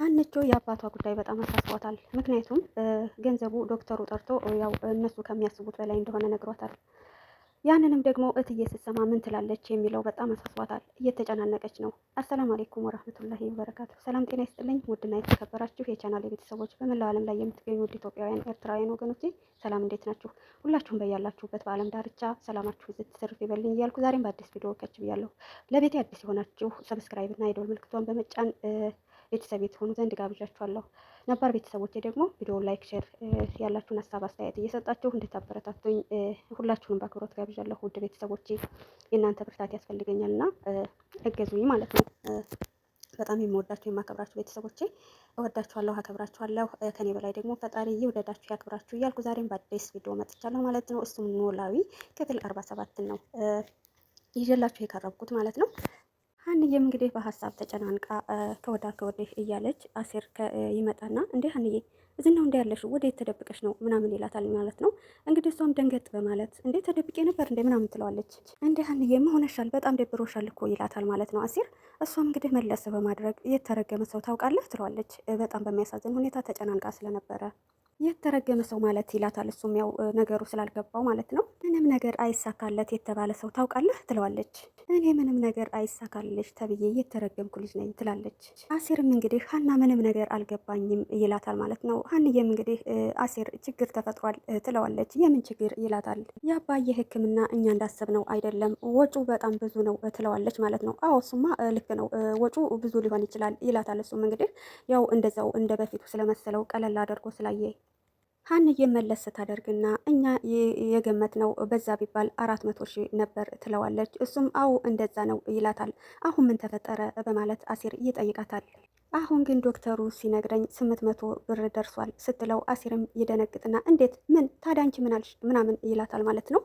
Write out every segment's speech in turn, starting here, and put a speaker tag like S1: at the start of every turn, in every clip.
S1: ሀንቾ የአባቷ ጉዳይ በጣም አሳስቧታል። ምክንያቱም ገንዘቡ ዶክተሩ ጠርቶ ያው እነሱ ከሚያስቡት በላይ እንደሆነ ነግሯታል። ያንንም ደግሞ እትዬ ስትሰማ ምን ትላለች የሚለው በጣም አሳስቧታል። እየተጨናነቀች ነው። አሰላሙ አሌይኩም ወረህመቱላሂ ወበረካቱ። ሰላም ጤና ይስጥልኝ ውድና የተከበራችሁ የቻናል የቤተሰቦች በመላው ዓለም ላይ የምትገኙ ውድ ኢትዮጵያውያን ኤርትራውያን ወገኖቼ ሰላም እንዴት ናችሁ? ሁላችሁም በያላችሁበት በዓለም ዳርቻ ሰላማችሁ ዝት ይበልኝ እያልኩ ዛሬም በአዲስ ቪዲዮ ከች ብያለሁ። ለቤቴ አዲስ የሆናችሁ ሰብስክራይብ እና የደወል ምልክቷን በመጫን ቤተሰብ የተሆኑ ዘንድ ጋብዣችኋለሁ። ነባር ቤተሰቦቼ ደግሞ ቪዲዮ ላይክ፣ ሼር ያላችሁን ሀሳብ አስተያየት እየሰጣችሁ እንድታበረታቱኝ ሁላችሁንም በአክብሮት ጋብዣለሁ። ውድ ቤተሰቦቼ የእናንተ ብርታት ያስፈልገኛል እና እገዙኝ ማለት ነው። በጣም የምወዳችሁ የማከብራችሁ ቤተሰቦቼ እወዳችኋለሁ፣ አከብራችኋለሁ። ከኔ በላይ ደግሞ ፈጣሪ ይውደዳችሁ ያክብራችሁ እያልኩ ዛሬም በአዲስ ቪዲዮ መጥቻለሁ ማለት ነው። እሱም ኖላዊ ክፍል አርባ ሰባትን ነው ይዤላችሁ የቀረብኩት ማለት ነው። ሀንዬም እንግዲህ በሀሳብ ተጨናንቃ ከወዳ ከወዲህ እያለች አሴር ይመጣና እንዲህ አንዬ እዚህ ነው እንዲህ ያለሽው ወደ የተደብቀሽ ነው ምናምን ይላታል ማለት ነው። እንግዲህ እሷም ደንገጥ በማለት እንዴ ተደብቄ ነበር እንዴ ምናምን ትለዋለች። እንዲህ አንዬ መሆነሻል በጣም ደብሮሻል እኮ ይላታል ማለት ነው አሴር። እሷም እንግዲህ መለስ በማድረግ የተረገመ ሰው ታውቃለህ ትለዋለች። በጣም በሚያሳዝን ሁኔታ ተጨናንቃ ስለነበረ የተረገመ ሰው ማለት ይላታል። እሱም ያው ነገሩ ስላልገባው ማለት ነው። ምንም ነገር አይሳካለት የተባለ ሰው ታውቃለህ ትለዋለች። እኔ ምንም ነገር አይሳካልሽ ተብዬ የተረገምኩ ልጅ ነኝ ትላለች። አሴርም እንግዲህ ሀና ምንም ነገር አልገባኝም ይላታል ማለት ነው። ሀንዬም እንግዲህ አሴር ችግር ተፈጥሯል ትለዋለች። የምን ችግር ይላታል። የአባዬ ሕክምና እኛ እንዳሰብነው አይደለም፣ ወጩ በጣም ብዙ ነው ትለዋለች ማለት ነው። አዎ እሱማ ልክ ነው፣ ወጩ ብዙ ሊሆን ይችላል ይላታል። እሱም እንግዲህ ያው እንደዛው እንደ በፊቱ ስለመሰለው ቀለል አድርጎ ስላየ ሀንዬ መለስ ስታደርግና እኛ የገመት ነው በዛ ቢባል አራት መቶ ሺህ ነበር ትለዋለች። እሱም አዎ እንደዛ ነው ይላታል። አሁን ምን ተፈጠረ በማለት አሲር ይጠይቃታል። አሁን ግን ዶክተሩ ሲነግረኝ ስምንት መቶ ብር ደርሷል ስትለው አሲርም ይደነግጥና እንዴት ምን ታዲያ አንቺ ምናልሽ ምናምን ይላታል ማለት ነው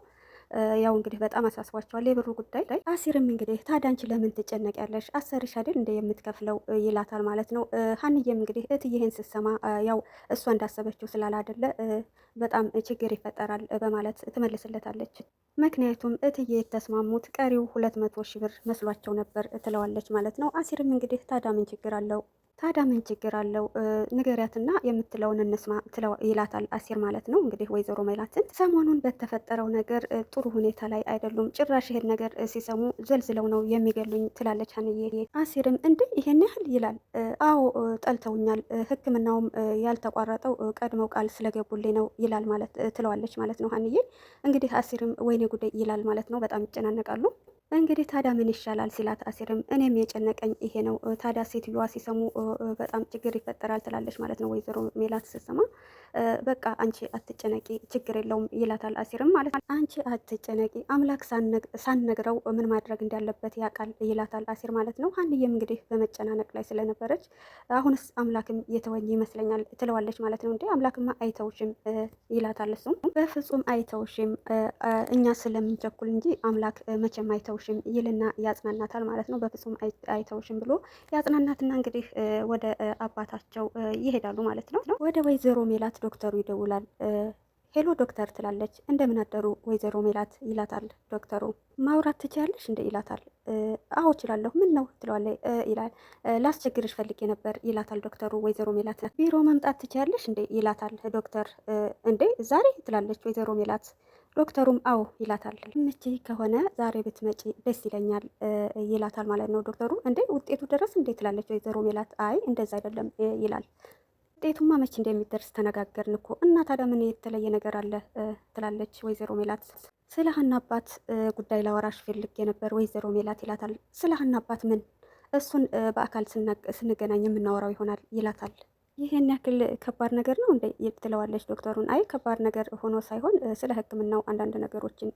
S1: ያው እንግዲህ በጣም አሳስቧቸዋል የብሩ ጉዳይ ላይ። አሲርም እንግዲህ ታዲያ አንቺ ለምን ትጨነቂያለሽ? አሰርሽ አይደል እንደ የምትከፍለው ይላታል ማለት ነው። ሀንዬም እንግዲህ እትዬህን ስትሰማ ያው እሷ እንዳሰበችው ስላላደለ በጣም ችግር ይፈጠራል በማለት ትመልስለታለች። ምክንያቱም እትዬ የተስማሙት ቀሪው ሁለት መቶ ሺህ ብር መስሏቸው ነበር ትለዋለች ማለት ነው። አሲርም እንግዲህ ታዲያ ምን ችግር አለው ታዲያ ምን ችግር አለው ንገሪያትና የምትለውን እንስማ ይላታል አሲር ማለት ነው። እንግዲህ ወይዘሮ ሜላትን ሰሞኑን በተፈጠረው ነገር ጥሩ ሁኔታ ላይ አይደሉም። ጭራሽ ይሄን ነገር ሲሰሙ ዘልዝለው ነው የሚገሉኝ ትላለች አንዬ። አሲርም እንዴ ይሄን ያህል ይላል። አዎ ጠልተውኛል። ሕክምናውም ያልተቋረጠው ቀድመው ቃል ስለገቡልኝ ነው ይላል ማለት ትለዋለች ማለት ነው ሀንዬ። እንግዲህ አሲርም ወይኔ ጉዳይ ይላል ማለት ነው። በጣም ይጨናነቃሉ። እንግዲህ ታዲያ ምን ይሻላል ሲላት አሲርም እኔም የጨነቀኝ ይሄ ነው። ታዲያ ሴትዮዋ ሲሰሙ በጣም ችግር ይፈጠራል ትላለች ማለት ነው ወይዘሮ ሜላት ስትሰማ። በቃ አንቺ አትጨነቂ ችግር የለውም ይላታል አሲርም ማለት ነው። አንቺ አትጨነቂ አምላክ ሳንነግረው ምን ማድረግ እንዳለበት ያውቃል ይላታል አሲር ማለት ነው። ሀንዬም እንግዲህ በመጨናነቅ ላይ ስለነበረች አሁንስ አምላክም የተወኝ ይመስለኛል ትለዋለች ማለት ነው። እንዲ አምላክማ አይተውሽም ይላታል እሱም በፍጹም አይተውሽም እኛ ስለምንቸኩል እንጂ አምላክ መቼም አይተውሽም አይተውሽም ይልና ያጽናናታል ማለት ነው። በፍጹም አይተውሽም ብሎ ያጽናናትና እንግዲህ ወደ አባታቸው ይሄዳሉ ማለት ነው። ወደ ወይዘሮ ሜላት ዶክተሩ ይደውላል። ሄሎ ዶክተር ትላለች። እንደምን አደሩ ወይዘሮ ሜላት ይላታል ዶክተሩ። ማውራት ትችያለሽ እንደ ይላታል። አዎ እችላለሁ፣ ምን ነው ትለዋለች። ይላል ላስቸግርሽ ፈልጌ ነበር ይላታል ዶክተሩ። ወይዘሮ ሜላት ቢሮ መምጣት ትችያለሽ እንደ ይላታል ዶክተር። እንዴ ዛሬ ትላለች ወይዘሮ ሜላት ዶክተሩም አዎ ይላታል። ምቼ ከሆነ ዛሬ ብትመጪ ደስ ይለኛል ይላታል ማለት ነው። ዶክተሩ እንዴ ውጤቱ ድረስ እንዴት ትላለች ወይዘሮ ሜላት። አይ እንደዛ አይደለም ይላል። ውጤቱማ መቼ እንደሚደርስ ተነጋገርን እኮ እና ታዲያ ምን የተለየ ነገር አለ ትላለች ወይዘሮ ሜላት። ስለ ሀና አባት ጉዳይ ላወራሽ ፈልጌ ነበር ወይዘሮ ሜላት ይላታል። ስለ ሀና አባት ምን? እሱን በአካል ስንገናኝ የምናወራው ይሆናል ይላታል። ይሄን ያክል ከባድ ነገር ነው እንደ ትለዋለች ዶክተሩን። አይ ከባድ ነገር ሆኖ ሳይሆን ስለ ሕክምናው አንዳንድ ነገሮችን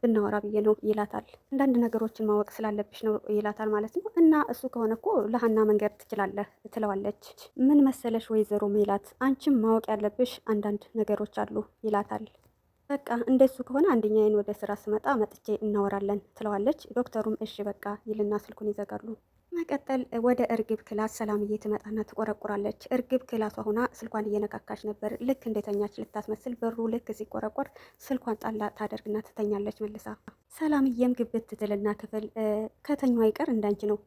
S1: ብናወራ ብዬ ነው ይላታል። አንዳንድ ነገሮችን ማወቅ ስላለብሽ ነው ይላታል ማለት ነው። እና እሱ ከሆነ እኮ ለሀና መንገድ ትችላለህ ትለዋለች። ምን መሰለሽ ወይዘሮ ሜላት፣ አንቺም ማወቅ ያለብሽ አንዳንድ ነገሮች አሉ ይላታል። በቃ እንደሱ ከሆነ አንደኛዬን ወደ ስራ ስመጣ መጥቼ እናወራለን ትለዋለች። ዶክተሩም እሺ በቃ ይልና ስልኩን ይዘጋሉ። በመቀጠል ወደ እርግብ ክላስ ሰላምዬ ትመጣና ትቆረቁራለች። እርግብ ክላሷ ሆና ስልኳን እየነካካች ነበር። ልክ እንደተኛች ልታስመስል በሩ ልክ ሲቆረቆር ስልኳን ጣላ ታደርግና ትተኛለች። መልሳ ሰላምዬም ግብት ትልና ክፍል ከተኛ አይቀር እንዳንቺ ነው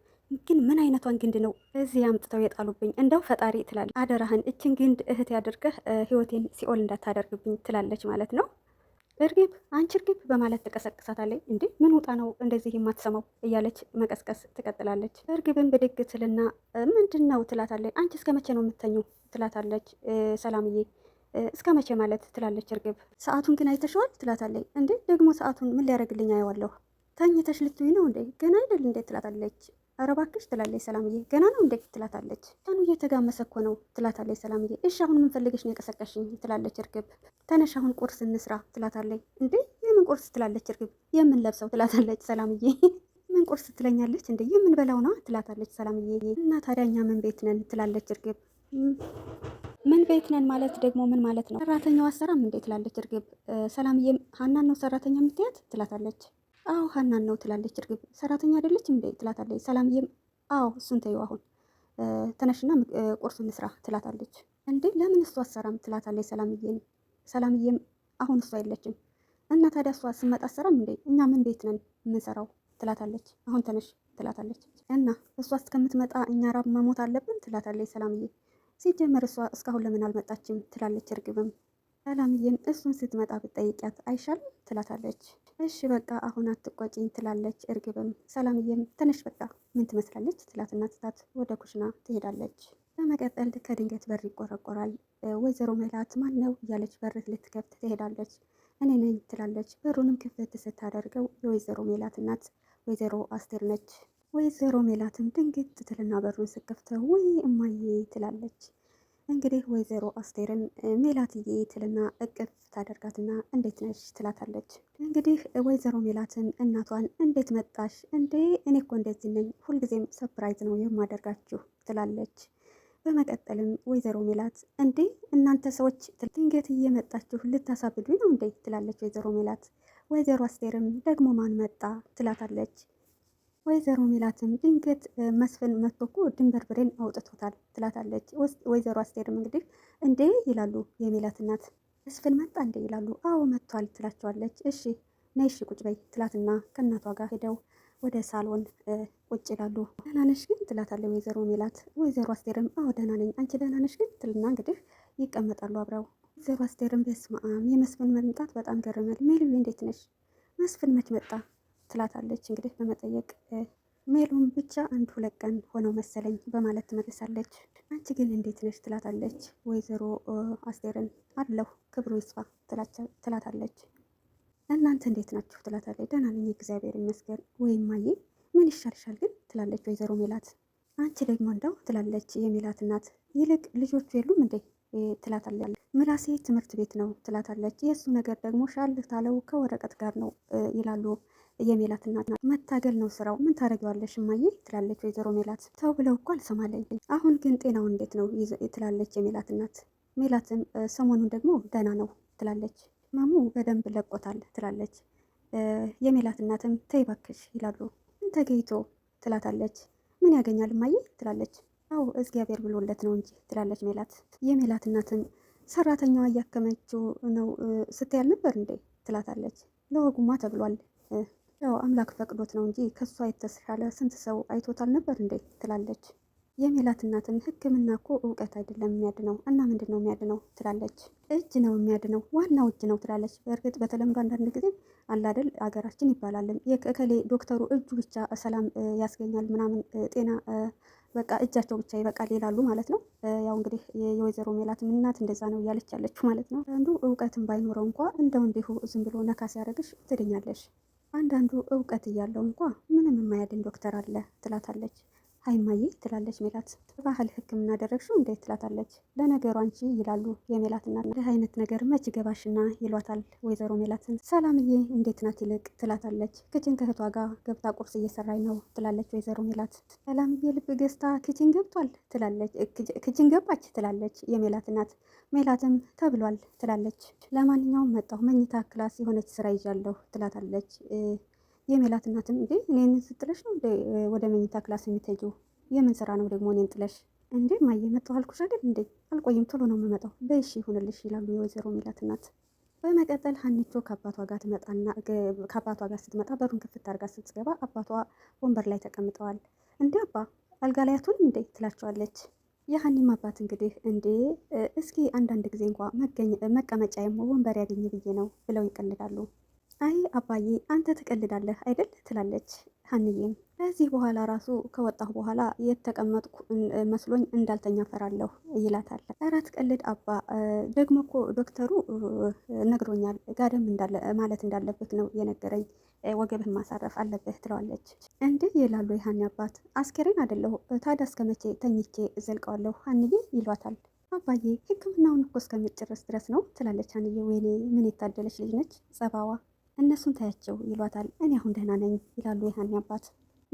S1: ግን ምን አይነቷን ግንድ ነው እዚህ አምጥተው የጣሉብኝ? እንደው ፈጣሪ ትላለች። አደራህን እችን ግንድ እህት ያድርገህ፣ ህይወቴን ሲኦል እንዳታደርግብኝ ትላለች ማለት ነው። እርግብ አንቺ እርግብ በማለት ትቀሰቅሳታለች። እንዴ ምን ውጣ ነው እንደዚህ የማትሰማው እያለች መቀስቀስ ትቀጥላለች። እርግብን ብድግ ትልና ምንድን ነው ትላታለች። አንቺ እስከ መቼ ነው የምተኘው ትላታለች ሰላምዬ። እስከ መቼ ማለት ትላለች እርግብ። ሰዓቱን ግን አይተሸዋል ትላታለች። እንዴ ደግሞ ሰዓቱን ምን ሊያደርግልኝ አየዋለሁ ተኝተሽ ልትይ ነው እንዴ ገና አይደል እንዴ ትላታለች ኧረ እባክሽ ትላለች ሰላምዬ። ገና ነው እንዴት ትላታለች። ቀኑ እየተጋመሰ እኮ ነው ትላታለች ሰላምዬ። እሺ አሁን ምን ፈልገሽ ነው የቀሰቀሽኝ? ትላለች እርግብ። ተነሽ አሁን ቁርስ እንስራ ትላታለች። እንዴ የምን ቁርስ ትላለች እርግብ። የምን ለብሰው ትላታለች ሰላምዬ። ምን ቁርስ ትለኛለች እንዴ በላው ነው ትላታለች ሰላምዬ። እና ታዲያኛ ምን ቤት ነን ትላለች እርግብ ምን ቤት ነን ማለት ደግሞ ምን ማለት ነው? ሰራተኛዋ አሰራም እንዴ ትላለች እርግብ። ሰላምዬ ሀናን ነው ሰራተኛ የምትያት ትላታለች። አዎ ሀናን ነው ትላለች። እርግብ ሰራተኛ አይደለች እንዴ ትላታለች። ሰላምዬም አዎ እሱን ተይው አሁን ተነሽና ቁርሱን እንስራ ትላታለች። እንዴ ለምን እሷ አሰራም ትላታለች ሰላምዬም ሰላምዬም አሁን እሷ የለችም እና ታዲያ እሷ ስመጣ አሰራም እንዴ እኛም እንዴት ነን የምንሰራው ትላታለች። አሁን ተነሽ ትላታለች። እና እሷ እስከምትመጣ እኛ ራብ መሞት አለብን ትላታለች ሰላምዬ። ሲጀመር እሷ እስካሁን ለምን አልመጣችም ትላለች እርግብም ሰላምዬም እሱን ስትመጣ ብጠይቂያት አይሻልም ትላታለች። እሺ በቃ አሁን አትቆጪኝ ትላለች እርግብም። ሰላምዬም ትንሽ በቃ ምን ትመስላለች ትላትና ትታት ወደ ኩሽና ትሄዳለች። በመቀጠል ከድንገት በር ይቆረቆራል። ወይዘሮ መላት ማን ነው እያለች በር ልትከፍት ትሄዳለች። እኔ ነኝ ትላለች። በሩንም ክፍት ስታደርገው የወይዘሮ ሜላት እናት ወይዘሮ አስቴር ነች። ወይዘሮ ሜላትም ድንግጥ ትልና በሩን ስከፍተው ውይ እማዬ ትላለች። እንግዲህ ወይዘሮ አስቴርን ሜላትዬ ትልና እቅፍ ታደርጋትና እንዴት ነሽ ትላታለች። እንግዲህ ወይዘሮ ሜላትን እናቷን እንዴት መጣሽ እንዴ እኔ እኮ እንደዚህ ነኝ፣ ሁልጊዜም ሰፕራይዝ ነው የማደርጋችሁ ትላለች። በመቀጠልም ወይዘሮ ሜላት እንዴ እናንተ ሰዎች ድንገት እየመጣችሁ ልታሳብዱ ነው እንዴ ትላለች ወይዘሮ ሜላት። ወይዘሮ አስቴርም ደግሞ ማን መጣ ትላታለች። ወይዘሮ ሜላትም ድንገት መስፍን መጥቶ እኮ ብሬን አውጥቶታል ትላታለች። ወይዘሮ አስቴርም እንግዲህ እንዴ ይላሉ የሜላት እናት። መስፍን መጣ እንዴ ይላሉ። አዎ መጥቷል ትላቸዋለች። እሺ ነይ እሺ ቁጭ በይ ትላትና ከእናቷ ጋር ሄደው ወደ ሳሎን ቁጭ ይላሉ። ደህና ነሽ ግን ትላታለች ወይዘሮ ሜላት። ወይዘሮ አስቴርም አዎ ደህና ነኝ፣ አንቺ ደህና ነሽ ግን ትልና እንግዲህ ይቀመጣሉ አብረው። ወይዘሮ አስቴርም በስመ አብ የመስፍን መምጣት በጣም ገርመል። ሜልዩ እንዴት ነሽ? መስፍን መች መጣ ትላታለች። እንግዲህ በመጠየቅ ሜሉን ብቻ አንድ ሁለት ቀን ሆነው መሰለኝ በማለት ትመልሳለች። አንቺ ግን እንዴት ነሽ ትላታለች። ወይዘሮ አስቴርን አለሁ ክብሩ ይስፋ ትላታለች። እናንተ እንዴት ናችሁ ትላታለች። ደህና ነኝ እግዚአብሔር ይመስገን። ወይም ማዬ ምን ይሻልሻል ግን ትላለች ወይዘሮ ሜላት። አንቺ ደግሞ እንደው ትላለች የሜላት እናት። ይልቅ ልጆቹ የሉም እንዴ ትላታለች። ምላሴ ትምህርት ቤት ነው ትላታለች። የእሱ ነገር ደግሞ ሻል ታለው ከወረቀት ጋር ነው ይላሉ የሜላት እናት መታገል ነው ስራው። ምን ታደርጊዋለሽ እማዬ ትላለች ወይዘሮ ሜላት። ተው ብለው እኮ አልሰማለኝ። አሁን ግን ጤናው እንዴት ነው ትላለች የሜላት እናት። ሜላትም ሰሞኑን ደግሞ ደህና ነው ትላለች። ማሙ በደንብ ለቆታል ትላለች። የሜላት እናትም ተይ እባክሽ ይላሉ። ምን ተገይቶ ትላታለች። ምን ያገኛል እማዬ ትላለች። አው እግዚአብሔር ብሎለት ነው እንጂ ትላለች ሜላት። የሜላት እናትም ሰራተኛዋ እያከመችው ነው ስታያል ነበር እንዴ ትላታለች። ለወጉማ ተብሏል ያው አምላክ ፈቅዶት ነው እንጂ ከእሷ የተሻለ ስንት ሰው አይቶታል ነበር እንዴ ትላለች። የሜላት እናትም ሕክምና እኮ እውቀት አይደለም የሚያድነው እና ምንድን ነው የሚያድነው ትላለች። እጅ ነው የሚያድነው፣ ዋናው እጅ ነው ትላለች። በእርግጥ በተለምዶ አንዳንድ ጊዜ አላደል አገራችን ይባላልም የከሌ ዶክተሩ እጁ ብቻ ሰላም ያስገኛል ምናምን ጤና በቃ እጃቸው ብቻ ይበቃል ይላሉ ማለት ነው። ያው እንግዲህ የወይዘሮ ሜላት እናት እንደዛ ነው እያለች ያለችው ማለት ነው። አንዱ እውቀትን ባይኖረው እንኳ እንደው እንዲሁ ዝም ብሎ ነካ ሲያደርግሽ ትድኛለሽ አንዳንዱ እውቀት እያለው እንኳ ምንም የማያድን ዶክተር አለ ትላታለች። አይማዬ ትላለች ሜላት። በባህል ሕክምና አደረግሽው እንዴት ትላታለች። ለነገሩ አንቺ ይላሉ የሜላትና እናት። አይነት ነገር መች ገባሽና ይሏታል ወይዘሮ ሜላትን። ሰላምዬ እንዴት ናት ይልቅ ትላታለች። ክችን ከህቷ ጋር ገብታ ቁርስ እየሰራኝ ነው ትላለች ወይዘሮ ሜላት። ሰላምዬ ልብ ገዝታ ክችን ገብቷል ትላለች። ክችን ገባች ትላለች የሜላት እናት። ሜላትም ተብሏል ትላለች። ለማንኛውም መጣሁ መኝታ ክላስ የሆነች ስራ ይዣለሁ ትላታለች። የሜላት እናትም እንዴ እኔን ስትለሽ ነው ወደ መኝታ ክላስ የምትሄጂው? የምን ስራ ነው ደግሞ እኔን ጥለሽ? እንዴ ማየ መጣሁ አልኩሽ አይደል እንዴ? አልቆይም ቶሎ ነው የምመጣው። በይሽ ይሁንልሽ ይላሉ የወይዘሮ ሜላት እናት። በመቀጠል ሀኒቾ ከአባቷ ጋር ትመጣና ከአባቷ ጋር ስትመጣ በሩን ክፍት አድርጋ ስትገባ አባቷ ወንበር ላይ ተቀምጠዋል። እንዴ አባ አልጋ ላይ አትሆንም እንዴ ትላቸዋለች። የሀኒም አባት እንግዲህ እንዴ እስኪ አንዳንድ ጊዜ እንኳ መቀመጫ ወንበር ያገኝ ብዬ ነው ብለው ይቀልዳሉ። አይ አባዬ አንተ ትቀልዳለህ አይደል ትላለች ሀንዬም። ከዚህ በኋላ ራሱ ከወጣሁ በኋላ የተቀመጥኩ መስሎኝ እንዳልተኛ ፈራለሁ ይላታል። ኧረ ትቀልድ አባ፣ ደግሞ እኮ ዶክተሩ ነግሮኛል ጋደም ማለት እንዳለበት ነው የነገረኝ፣ ወገብህን ማሳረፍ አለብህ ትለዋለች። እንዲህ ይላሉ የሀኒ አባት። አስከሬን አይደለሁ ታዲያ እስከመቼ ተኝቼ ዘልቀዋለሁ ሀንዬ ይሏታል። አባዬ ሕክምናውን እኮ እስከምጨርስ ድረስ ነው ትላለች ሀንዬ። ወይኔ ምን የታደለች ልጅ ነች ጸባዋ እነሱን ታያቸው ይሏታል። እኔ አሁን ደህና ነኝ ይላሉ የሀኒ አባት።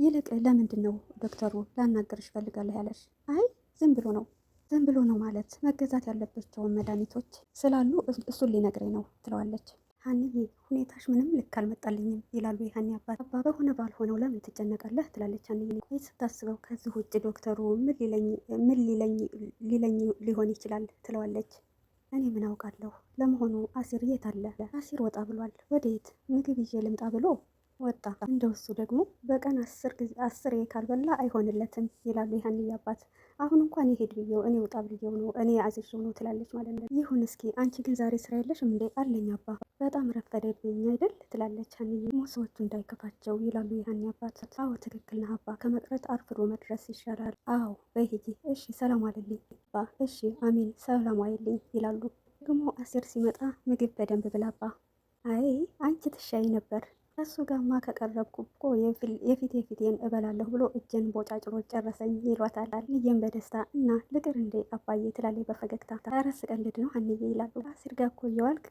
S1: ይልቅ ለምንድን ነው ዶክተሩ ላናገርሽ ፈልጋለሁ ያለሽ? አይ ዝም ብሎ ነው ዝም ብሎ ነው ማለት መገዛት ያለባቸውን መድኃኒቶች ስላሉ እሱን ሊነግረኝ ነው ትለዋለች። ሀኒዬ ሁኔታሽ ምንም ልክ አልመጣልኝም ይላሉ የሀኒ አባት። አባ በሆነ ባልሆነው ለምን ትጨነቃለህ ትላለች ሀኒ ይህ ስታስበው ከዚህ ውጭ ዶክተሩ ምን ሊለኝ ሊሆን ይችላል ትለዋለች። እኔ ምን አውቃለሁ። ለመሆኑ አሲር የት አለ? አሲር ወጣ ብሏል። ወደየት? ምግብ ይዤ ልምጣ ብሎ ወጣ። እንደውሱ ደግሞ በቀን አስር ጊዜ አስር ካልበላ አይሆንለትም ይላሉ የሀንዬ አባት። አሁን እንኳን ይሄድ ብየው እኔ ውጣ ብየው ነው እኔ አዝዤው ነው ትላለች ማለት ነው። ይሁን እስኪ አንቺ ግን ዛሬ ስራ የለሽም እንዴ? አለኝ አባ፣ በጣም ረፈደብኝ አይደል ትላለች ሀኒዬ። ሞሰዎቹ እንዳይከፋቸው ይላሉ የሀኒ አባት። አዎ ትክክል ነህ አባ፣ ከመቅረት አርፍዶ መድረስ ይሻላል። አዎ በይ እሺ ሰላም አለልኝ አባ። እሺ አሚን፣ ሰላም አይልኝ ይላሉ። ደግሞ አሴር ሲመጣ ምግብ በደንብ ብላባ። አይ አንቺ ትሻይ ነበር እሱ ጋማ ከቀረብኩ እኮ የፊት የፊቴን እበላለሁ ብሎ እጄን ቦጫጭሮ ጨረሰኝ ይሏታል። አንዬም በደስታ እና ልቅር እንዴ አባዬ ትላለች በፈገግታ። ኧረ ስቀልድ ነው አንዬ ይላሉ። አሲር ጋር እኮ እየዋልክ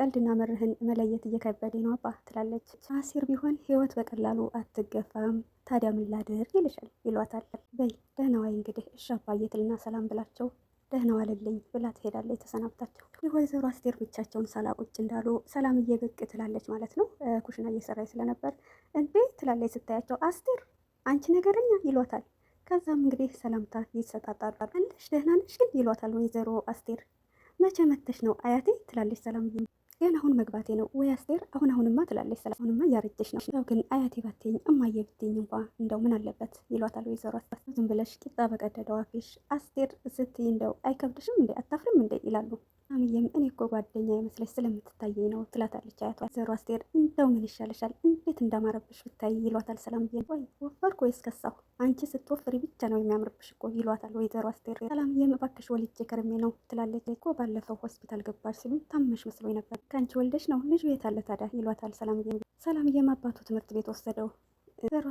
S1: ቀልድና መርህን መለየት እየከበደ ነው አባ ትላለች። አሲር ቢሆን ህይወት በቀላሉ አትገፋም ታዲያ ምን ላድርግ ይልሻል ይሏታል። በይ ደህና ዋይ እንግዲህ እሺ አባዬ ትልና ሰላም ብላቸው ደህና ዋለልኝ ብላ ትሄዳለች። ተሰናብታቸው የወይዘሮ አስቴር ብቻቸውን ሳላቁጭ እንዳሉ ሰላም ብቅ ትላለች ማለት ነው። ኩሽና እየሰራች ስለነበር እንዴ ትላለች። ስታያቸው አስቴር አንቺ ነገረኛ ይሏታል። ከዛም እንግዲህ ሰላምታ ይሰጣጣሉ። አንደሽ ደህና ነሽ ግን ይሏታል ወይዘሮ አስቴር። መቼ መተሽ ነው አያቴ ትላለች ሰላም ገና አሁን መግባቴ ነው ወይ አስቴር አሁን አሁንማ ትላለች። ስለ አሁንማ እያረጀሽ ነው ያው ግን አያቴ ባትይኝ እማዬ ብትይኝ እንኳ እንደው ምን አለበት ይሏታል ወይዘሮ አስቴር። ዝም ብለሽ ቂጣ በቀደደው አፍሽ አስቴር ስትይ እንደው አይከብድሽም እንዴ አታፍርም እንዴ ይላሉ። አምዬም እኔ እኮ ጓደኛ የመስለች ስለምትታየኝ ነው ትላታለች አያቷ። ወይዘሮ አስቴር እንደው ምን ይሻልሻል እንዴት እንዳማረብሽ ብታይ ይሏታል። ሰላምዬ ወይ ወፈርኩ ወይስ ከሳሁ? አንቺ ስትወፍሪ ብቻ ነው የሚያምርብሽ እኮ ይሏታል ወይዘሮ አስቴር። ሰላምዬም እባክሽ ወልጄ ከርሜ ነው ትላለች። እኮ ባለፈው ሆስፒታል ገባሽ ሲሉ ታመሽ መስሎኝ ነበር ከአንቺ ወልደሽ ነው ልጁ ቤት አለ ታዲያ ይሏታል ሰላምዬ። ሰላምዬም አባቱ ትምህርት ቤት ወሰደው። ወይዘሮ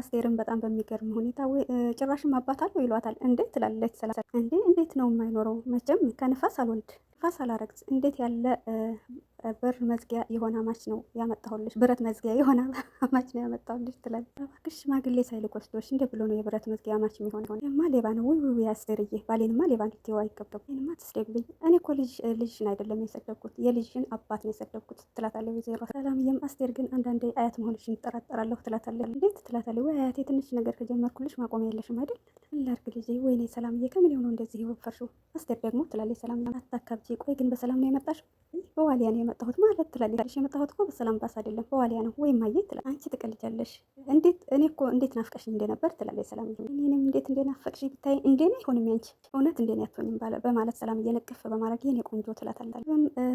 S1: አስቴርን በጣም በሚገርም ሁኔታ ጭራሽም አባት አለው ይሏታል። እንዴት ትላለች ሰላ እንዴ እንዴት ነው የማይኖረው መቼም ከንፋስ አልወልድ ፋስ አላረግዝ እንዴት ያለ ብር መዝጊያ የሆነ አማች ነው ያመጣሁልሽ፣ ብረት መዝጊያ የሆነ አማች ነው ያመጣሁልሽ ትላለች። እባክሽ ሽማግሌ ሳይልክ ወስዶሽ እንደ ብሎ ነው የብረት መዝጊያ አማች የሚሆን ሆነ ማ ሌባ ነው ውይ ውይ ያስደርዬ ባሌንማ ሌባ ልትይው አይገባም። ይንማ ትስደግብኝ እኔ እኮ ልጅሽን አይደለም የሰደብኩት የልጅሽን አባት ነው የሰደብኩት ትላታለች ወይዘሮ ሰላምዬም። አስቴር ግን አንዳንዴ አያት መሆንሽ እንጠራጠራለሁ ትላታለች። እንዴት ትላታለች። ወይ አያቴ ትንሽ ነገር ከጀመርኩልሽ ማቆም የለሽም አይደል ላርግ ልጅ ወይኔ ሰላምዬ ከምን የሆነው እንደዚህ ይወፈርሽው። አስቴር ደግሞ ትላለች ሰላምዬ አታካብጂ። ቆይ ግን በሰላም ነው የመጣሽው? በዋልያ ነው የመጣሁት ማለት ትላለች። የመጣሁት እኮ በሰላም ባስ አይደለም በዋሊያ ነው ወይም አየህ ትላለች። አንቺ ትቀልጃለሽ፣ እንዴት እኔ እኮ እንዴት ናፍቀሽ እንደነበር ትላለች። ሰላም እኔንም እንዴት እንደናፈቅሽ ብታይ እንዴኔ አይሆንም ያንቺ እውነት እንዴኔ አትሆኝም በማለት ሰላም እየነቅፍ በማድረግ የኔ ቆንጆ ትላታለች።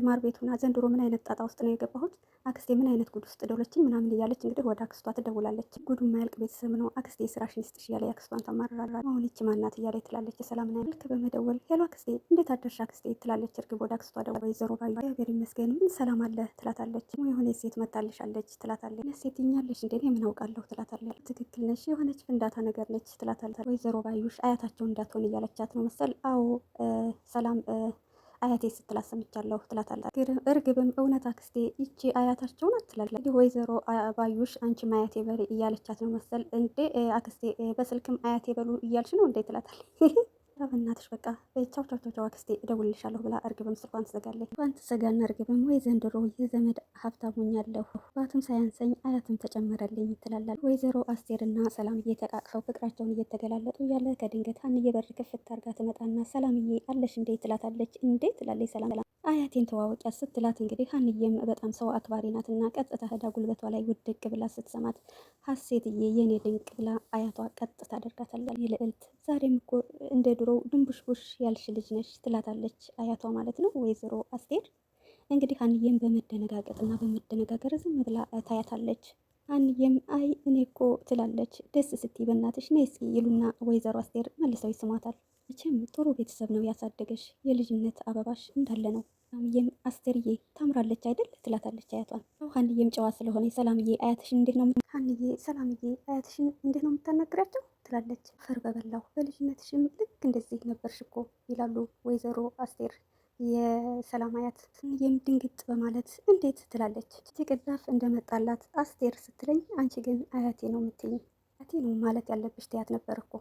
S1: ማር ቤቱና ዘንድሮ ምን አይነት ጣጣ ውስጥ ነው የገባሁት አክስቴ ምን አይነት ጉድ ውስጥ ደውለችኝ ምናምን እያለች እንግዲህ ወደ አክስቷ ትደውላለች። ጉዱ ማያልቅ ቤተሰብ ነው አክስቴ ስራሽን ይስጥሽ እያለ አክስቷን ታማርራለች። አሁን ይቺ ማናት እያለ ትላለች። ሰላም ልክ በመደወል ሄሎ አክስቴ እንዴት አደርሽ አክስቴ ትላለች። እርግብ ወደ አክስቷ ደ ወይዘሮ ባዩ እግዚአብሔር ይመስገን ምን ሰላም አለ ትላታለች። የሆነ ሴት መታልሻለች ትላታለች። ሴትኛለች እንደ እንዴ ምን አውቃለሁ ትላታለች። ትክክል ነሽ፣ የሆነች ፍንዳታ ነገር ነች ትላታለች። ወይዘሮ ባዩሽ አያታቸው እንዳትሆን እያለቻት ነው መሰል። አዎ ሰላም አያቴ ስትላት ሰምቻለሁ ትላታለች። እርግብም እውነት አክስቴ ይቺ አያታቸው ናት ትላለች። እንዲህ ወይዘሮ ባዩሽ አንቺ አያቴ በል እያለቻት ነው መሰል። እንዴ አክስቴ በስልክም አያቴ በሉ እያልሽ ነው እንዴ ትላታለች። በእናትሽ በቃ ቻው ቻው ቻው አክስቴ እደውልልሻለሁ ብላ እርግብም ስልኳን ትዘጋለች። ስልኳን ትዘጋና እርግብም ወይ ዘንድሮ የዘመድ ሀብታሙኛለሁ ባቱም ሳያንሰኝ አያትም ተጨመረልኝ ትላላል። ወይዘሮ አስቴርና ሰላም እየተቃቅፈው ፍቅራቸውን እየተገላለጡ እያለ ከድንገት ሀንዬ በር ክፍት አድርጋ ትመጣና ሰላምዬ አለሽ እንዴ ትላታለች። እንዴ ትላለች ሰላም ሰላም አያቴን ተዋወቂያ ስትላት እንግዲህ ሀንዬም በጣም ሰው አክባሪ ናትና ቀጥታ ህዳ ጉልበቷ ላይ ውድቅ ብላ ስትሰማት ሀሴትዬ የኔ ድንቅ ብላ አያቷ ቀጥታ አደርጋታለች። ልዕልት ዛሬም እኮ እንደ ድሮው ድንቡሽቡሽ ያልሽ ልጅ ነሽ ትላታለች አያቷ ማለት ነው ወይዘሮ አስቴር። እንግዲህ አንዬም በመደነጋገጥና በመደነጋገር ዝም ብላ ታያታለች። አንዬም አይ እኔ እኮ ትላለች። ደስ ስትይ በእናትሽ ነይ እስኪ ይሉና ወይዘሮ አስቴር መልሰው ይስሟታል። መቼም ጥሩ ቤተሰብ ነው ያሳደገሽ፣ የልጅነት አበባሽ እንዳለ ነው ሰላምዬም አስቴርዬ ታምራለች አይደል ትላታለች አያቷን። ሰው ሀንዬም ጨዋ ስለሆነ ሰላምዬ አያትሽን እንዴት ነው ሀንዬ ሰላምዬ አያትሽን እንዴት ነው የምታናግሪያቸው ትላለች። አፈር በበላው በልጅነትሽም ልክ እንደዚህ ነበርሽ እኮ ይላሉ ወይዘሮ አስቴር የሰላም አያት ሀንዬም ድንግጥ በማለት እንዴት ትላለች። ቅዳፍ እንደመጣላት አስቴር ስትለኝ አንቺ ግን አያቴ ነው የምትይኝ አያቴ ነው ማለት ያለብሽ ትያት ነበር እኮ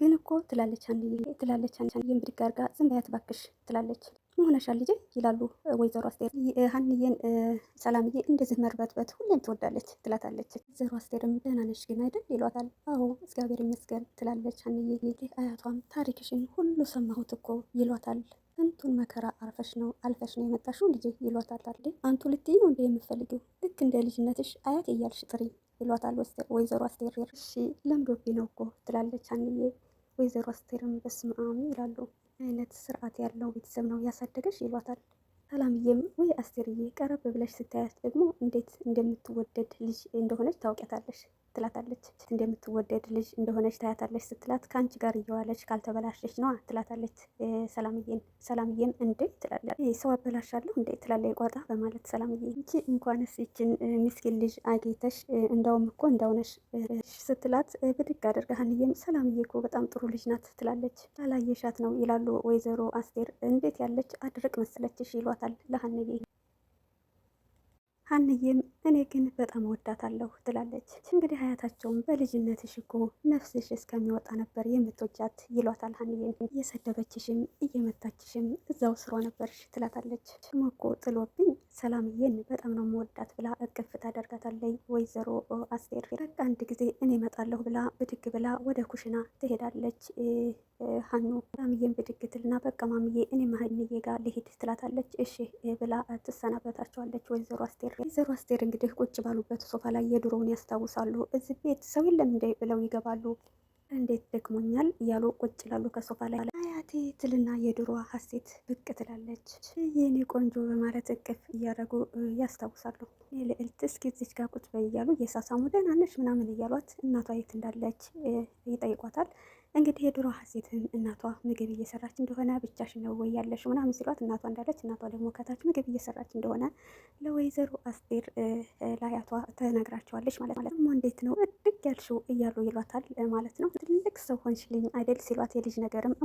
S1: ግን እኮ ትላለች አንዬ ትላለች አንዬን ብድግ አድርጋ ዝም በያት እባክሽ ትላለች። መሆነሻል ልጄ ይላሉ ወይዘሮ አስቴር። ሀንዬን ሰላምዬ እንደዚህ መርበትበት ሁሌም ትወዳለች ትላታለች። ወይዘሮ አስቴርም ደህና ነሽ ግን አይደል ይሏታል። አዎ እግዚአብሔር ይመስገን ትላለች ሀንዬ። አያቷም ታሪክሽን ሁሉ ሰማሁት እኮ ይሏታል። ስንቱን መከራ አርፈሽ ነው አልፈሽ ነው የመጣሽው ልጄ ይሏታል። አለ አንቱ ልትይ ነው እንደ የምፈልገው ልክ እንደ ልጅነትሽ አያት እያልሽ ጥሪ ይሏታል ወይዘሮ አስቴር። እሺ ለምዶብኝ ነው እኮ ትላለች ሀንዬ ወይዘሮ አስቴርም በስመ አብ ይላሉ። አይነት ስርዓት ያለው ቤተሰብ ነው ያሳደገሽ ይሏታል። ሰላምዬም ወይ አስቴርዬ፣ ቀረብ ብለሽ ስታያት ደግሞ እንዴት እንደምትወደድ ልጅ እንደሆነች ታውቂያታለሽ። ትላታለች። እንደምትወደድ ልጅ እንደሆነች ታያታለች ስትላት ከአንቺ ጋር እየዋለች ካልተበላሸች ነዋ ትላታለች ሰላምዬን። ሰላምዬም እንዴ ትላለች፣ ሰው አበላሻለሁ እንዴ ትላለች ቆጣ በማለት ሰላምዬ እንቺ እንኳንስ ይችን ምስኪን ልጅ አግኝተሽ እንዳውም እኮ እንዳውነሽ ስትላት ብድግ አድርጋ ሀንዬም ሰላምዬ እኮ በጣም ጥሩ ልጅ ናት ትላለች። አላየሻት ነው ይላሉ ወይዘሮ አስቴር። እንዴት ያለች አድርቅ መሰለችሽ ይሏታል ለሀንዬ ሀንዬም እኔ ግን በጣም ወዳታለሁ ትላለች። እንግዲህ አያታቸውም በልጅነትሽ እኮ ነፍስሽ እስከሚወጣ ነበር የምትወጃት ይሏታል። ሀኒዬን እየሰደበችሽም እየመታችሽም እዛው ስሯ ነበርሽ ትላታለች። ደግሞ እኮ ጥሎብኝ ሰላምዬን በጣም ነው መወዳት ብላ እቅፍ ታደርጋታለች። ወይዘሮ አስቴር በቃ አንድ ጊዜ እኔ እመጣለሁ ብላ ብድግ ብላ ወደ ኩሽና ትሄዳለች። ሀኑ ሰላምዬን ብድግ ትልና በቃ ማምዬ እኔ ማህንዬ ጋር ልሂድ ትላታለች። እሺ ብላ ትሰናበታቸዋለች። ወይዘሮ አስቴር ወይዘሮ አስቴር እንግዲህ እንግዲህ ቁጭ ባሉበት ሶፋ ላይ የድሮውን ያስታውሳሉ። እዚህ ቤት ሰው የለም እንደ ብለው ይገባሉ። እንዴት ደክሞኛል እያሉ ቁጭ ላሉ ከሶፋ ላይ። አያቴ ትልና የድሮዋ ሀሴት ብቅ ትላለች። የኔ ቆንጆ በማለት እቅፍ እያደረጉ ያስታውሳሉ። ልዕልት እስኪ እዚች ጋር ቁጭ በይ እያሉ እየሳሳሙ ደህና ነሽ ምናምን እያሏት እናቷ የት እንዳለች ይጠይቋታል። እንግዲህ የድሮ ሀሴትን እናቷ ምግብ እየሰራች እንደሆነ ብቻሽ ነው ወይ ያለሽ ምናምን ሲሏት እናቷ እንዳለች እናቷ ደግሞ ከታች ምግብ እየሰራች እንደሆነ ለወይዘሮ አስቴር ለአያቷ ተነግራቸዋለች ማለት ማለት ነው። እንዴት ነው እድግ ያልሽው እያሉ ይሏታል ማለት ነው። ትልቅ ሰው ሆንሽልኝ አይደል ሲሏት የልጅ ነገርም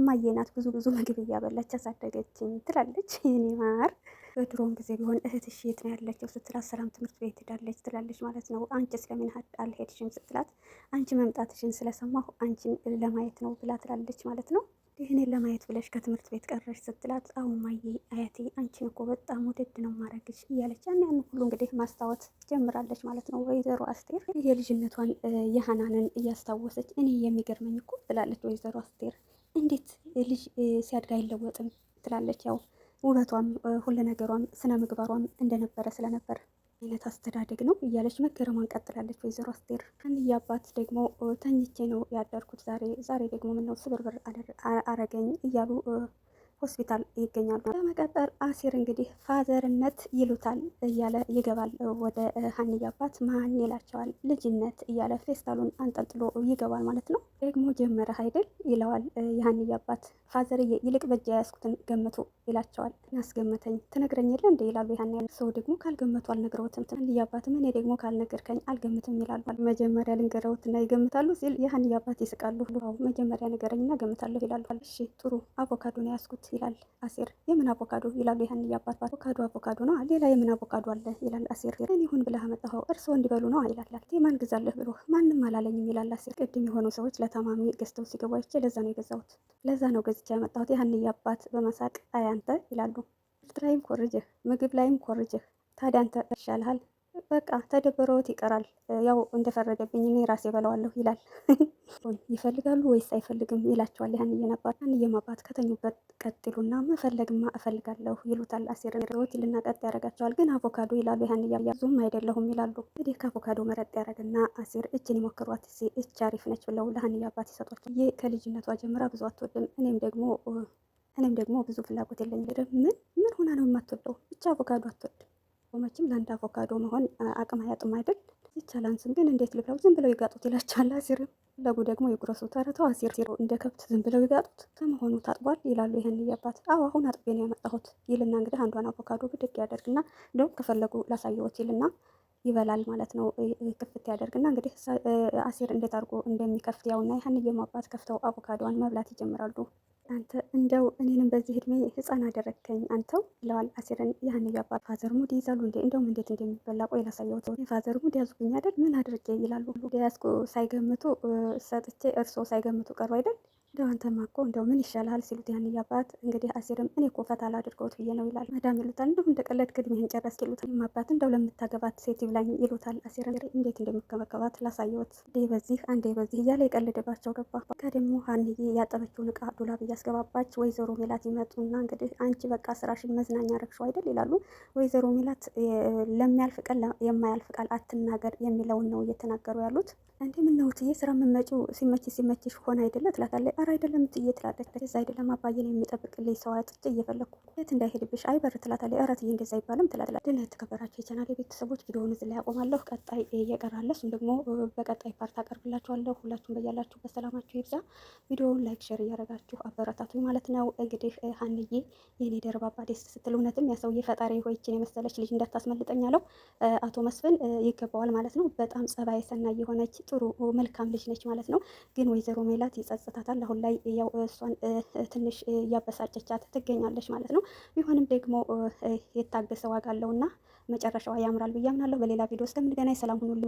S1: እማየናት ብዙ ብዙ ምግብ እያበላች ያሳደገችኝ ትላለች ይኔ ማር በድሮም ጊዜ ቢሆን እህትሽ የት ነው ያለችው ስትላት ሰላም ትምህርት ቤት ሄዳለች ትላለች ማለት ነው። አንቺ ስለምን አልሄድሽም ስትላት አንቺ መምጣትሽን ስለሰማሁ አንቺን ለማየት ነው ብላ ትላለች ማለት ነው። ይህኔ ለማየት ብለሽ ከትምህርት ቤት ቀረሽ ስትላት አሁን ማየ አያቴ አንቺን እኮ በጣም ውድድ ነው ማረግሽ እያለች ያን ያን ሁሉ እንግዲህ ማስታወት ጀምራለች ማለት ነው። ወይዘሮ አስቴር የልጅነቷን የሀናንን እያስታወሰች እኔ የሚገርመኝ እኮ ትላለች ወይዘሮ አስቴር እንዴት ልጅ ሲያድግ አይለወጥም ትላለች ያው ውበቷም ሁሉ ነገሯም ስነ ምግባሯም እንደነበረ ስለነበር አይነት አስተዳደግ ነው እያለች መገረሟን ቀጥላለች። ወይዘሮ አስቴር አንድዬ አባት ደግሞ ተኝቼ ነው ያደርኩት ዛሬ ዛሬ ደግሞ ምነው ስብርብር አረገኝ እያሉ ሆስፒታል ይገኛሉ። በመቀጠር አሴር እንግዲህ ፋዘርነት ይሉታል እያለ ይገባል ወደ ሀንዬ አባት ማን ይላቸዋል። ልጅነት እያለ ፌስታሉን አንጠልጥሎ ይገባል ማለት ነው። ደግሞ ጀመረ አይደል ይለዋል የሀንዬ አባት ፋዘርዬ ይልቅ በእጅ ያያዝኩትን ገምቱ ይላቸዋል። ያስገመተኝ ትነግረኝ የለ እንደ ይላሉ። ያን ያለ ሰው ደግሞ ካልገመቱ አልነግረውትም። የሀንዬ አባትም እኔ ደግሞ ካልነገርከኝ አልገምትም ይላሉ። መጀመሪያ ልንገረውትና ይገምታሉ ሲል የሀንዬ አባት ይስቃሉ። ው መጀመሪያ ንገረኝና ገምታለሁ ይላሉ። እሺ ጥሩ አቮካዶ ነው ያዝኩት ይላል አሴር። የምን አቮካዶ ይላሉ የሀንዬ አባት። አቮካዶ አቮካዶ ነው ሌላ የምን አቮካዶ አለ ይላል አሴር። እኔ ይሁን ብለህ አመጣኸው እርስዎ እንዲበሉ ነው ይላል። ማን ግዛለህ ብሎ ማንም አላለኝም ይላል አሴር። ቅድም የሆኑ ሰዎች ለታማሚ ገዝተው ሲገቡ አይቼ ለዛ ነው የገዛሁት ለዛ ነው ገዝቼ መጣሁት። የሀንዬ አባት በመሳቅ አያንተ ይላሉ። ፍርድ ላይም ኮርጅህ፣ ምግብ ላይም ኮርጅህ። ታዲያ አንተ ይሻልሃል በቃ ተደብረውት ይቀራል። ያው እንደፈረደብኝ እኔ ራሴ በለዋለሁ ይላል። ይፈልጋሉ ወይስ አይፈልግም ይላቸዋል። ያን እየነባት ያን እየማባት ከተኙበት ቀጥሉና መፈለግማ እፈልጋለሁ ይሉታል። አሴር ረውት ይልና ያደርጋቸዋል። ግን አቮካዶ ይላሉ። ያን እያያ አይደለሁም ይላሉ። እንግዲህ ከአቮካዶ መረጥ ያደረግና አሴር እችን ይሞክሯት ሲ እች አሪፍ ነች ብለው ለሀንያ እያባት ይሰጧቸዋል። ይህ ከልጅነቷ ጀምራ ብዙ አትወድም እኔም ደግሞ እኔም ደግሞ ብዙ ፍላጎት የለኝ። ምን ምን ሆና ነው የማትወደው? ብቻ አቮካዶ አትወድም። መቼም ለአንድ አቮካዶ መሆን አቅም አያጥም አይደል? ይቻላንስም ግን እንዴት ልብላው? ዝም ብለው ይጋጡት ይላቸዋል። አሲርም ለጉ ደግሞ የጉረሱ ተረተው አሲር ሲሮ እንደ ከብት ዝም ብለው ይጋጡት ከመሆኑ ታጥቧል ይላሉ። ይህን እያባት አዎ አሁን አጥቤ ነው ያመጣሁት ይልና እንግዲህ አንዷን አቮካዶ ብድግ ያደርግና እንደውም ከፈለጉ ላሳየዎት ይልና ይበላል ማለት ነው። ክፍት ያደርግና እንግዲህ አሲር እንዴት አድርጎ እንደሚከፍት ያውና ይህን እየማባት ከፍተው አቮካዶዋን መብላት ይጀምራሉ። አንተ እንደው እኔንም በዚህ እድሜ ህፃን አደረግከኝ አንተው ብለዋል አሴርን። ያህንዬ አባት ፋዘር ሙድ ይዛሉ እንዴ? እንደውም እንዴት እንደሚበላ ቆይ ላሳየሁት። ፋዘር ሙድ ያዙብኝ አይደል? ምን አድርጌ ይላሉ። ያዝኩ ሳይገምቱ ሰጥቼ እርስዎ ሳይገምቱ ቀሩ አይደል? እንደው አንተማ እኮ እንደው ምን ይሻላል ሲሉት ያን እያባት እንግዲህ አሲርም እኔ እኮ ፈታ ላድርገውት ብዬ ነው ይላል። መዳም ይሉታል። እንደው እንደቀለድክ ዕድሜህን ጨረስክ ይሉታል። አባት እንደው ለምታገባት ሴት ይብላኝ ይሉታል። አሴር እንዴት እንደሚከበከባት ላሳየሁት እንዴ በዚህ አንዴ በዚህ እያለ የቀልድባቸው ገባ። ደግሞ ሀንዬ ያጠበችውን እቃ ዱላብ እያስገባባች ወይዘሮ ሜላት ይመጡና እንግዲህ አንቺ በቃ ስራሽን መዝናኛ ረግሸው አይደል ይላሉ። ወይዘሮ ሜላት ለሚያልፍ ቃል የማያልፍ ቃል አትናገር የሚለውን ነው እየተናገሩ ያሉት። እንዴ ምነው እትዬ ስራ የምትመጪው ሲመችሽ ሲመችሽ ሆነ አይደለ ትላታለች። ኧረ አይደለም ትዬ ትላለች። በዛ አይደለም አባዬን የሚጠብቅልኝ ሰው አጥቼ እየፈለግኩ የት እንዳይሄድብሽ አይበር ትላታለች። ኧረ ትዬ እንደዛ አይባልም ትላትላለች። ድን ተከበራቸው የቻናሌ ቤተሰቦች ቪዲዮውን እዚህ ላይ ያቆማለሁ። ቀጣይ እየቀራለ እሱም ደግሞ በቀጣይ ፓርት አቀርብላችኋለሁ። ሁላችሁም በያላችሁበት ሰላማችሁ ይብዛ። ቪዲዮውን ላይክ፣ ሼር እያደረጋችሁ አበረታቱኝ ማለት ነው። እንግዲህ ሀንዬ የኔ ደርባባ ደስ ስትል እውነትም ያ ሰውዬ ፈጣሪ ሆይችን የመሰለች ልጅ እንዳታስመልጠኝ አለው አቶ መስፍን ይገባዋል ማለት ነው። በጣም ጸባይ ሰናይ የሆነች ጥሩ መልካም ልጅ ነች ማለት ነው። ግን ወይዘሮ ሜላት ይጸጽታታል። አሁን ላይ ያው እሷን ትንሽ እያበሳጨቻት ትገኛለች ማለት ነው። ቢሆንም ደግሞ የታገሰ ዋጋ አለውና መጨረሻዋ ያምራል ብዬ አምናለሁ። በሌላ ቪዲዮ እስከምንገናኝ ሰላም ሁኑልኝ።